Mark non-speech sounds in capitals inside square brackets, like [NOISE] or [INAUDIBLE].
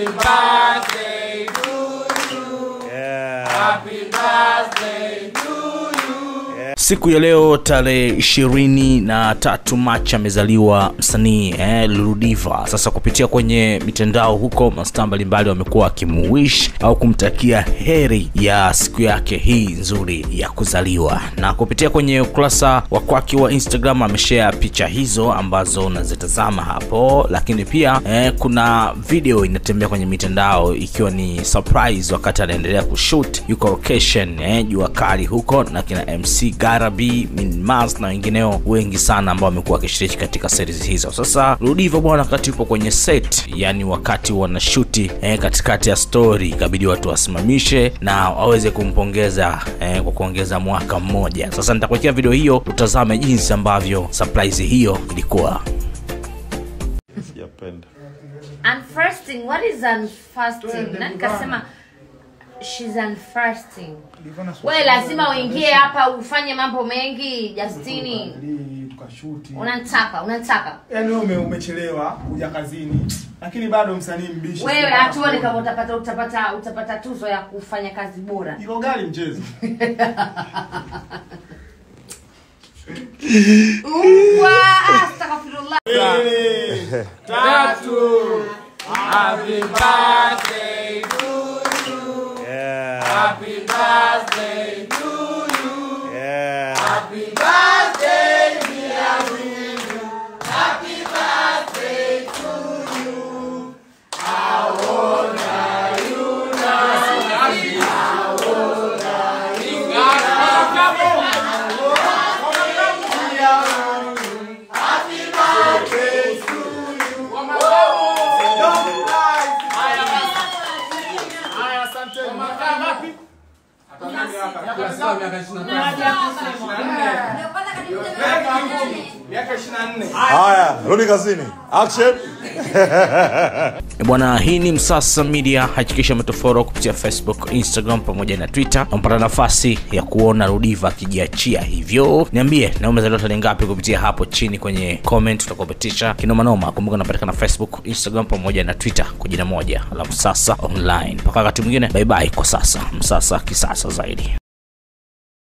Happy birthday to you. Yeah. Happy birthday to you. Siku ya leo tarehe ishirini na tatu Machi amezaliwa msanii eh, Ludiva. Sasa kupitia kwenye mitandao huko, mastaa mbalimbali wamekuwa wakimuwish au kumtakia heri ya siku yake hii nzuri ya kuzaliwa, na kupitia kwenye ukurasa wa kwake wa Instagram ameshare picha hizo ambazo unazitazama hapo, lakini pia eh, kuna video inatembea kwenye mitandao ikiwa ni surprise wakati anaendelea kushoot, yuko location eh, jua kali huko na kina MC Gali RB Min Mars na wengineo wengi sana ambao wamekuwa wakishiriki katika series hizo. Sasa Ludiva bwana, wakati upo kwenye set, yani wakati wanashuti eh, katikati ya story ikabidi watu wasimamishe na waweze kumpongeza eh, kwa kuongeza mwaka mmoja. Sasa nitakuwekea video hiyo utazame jinsi ambavyo surprise hiyo ilikuwa. Unfasting, what is unfasting? she's unfasting. Wewe lazima uingie hapa ufanye mambo mengi Justini. Tukashuti. Unanitaka, unanitaka. Yaani wewe umechelewa kuja kazini. Lakini bado msanii mbishi. Wewe hatuone kama utapata utapata utapata tuzo ya kufanya kazi bora. Hilo [LAUGHS] gari mchezo. Uwa, astaghfirullah. [LAUGHS] Tatu. Happy birthday. Happy birthday to you. Yeah. Happy birthday. Haya, asante. Kwa makaa ngapi? Atakuja hapa. Miaka 24. Haya, rudi kazini. Action. [LAUGHS] Eh, bwana, hii ni Msasa Media. Hakikisha umetoforo kupitia Facebook, Instagram pamoja na Twitter. Unapata nafasi ya kuona Rudiva akijiachia hivyo. Niambie na umezaliwa tarehe ngapi kupitia hapo chini kwenye comment tutakupitisha kinoma noma. Kumbuka unapatikana Facebook, Instagram pamoja na Twitter kwa jina moja la Msasa Online. Mpaka wakati mwingine, bye bye kwa sasa. Msasa kisasa zaidi.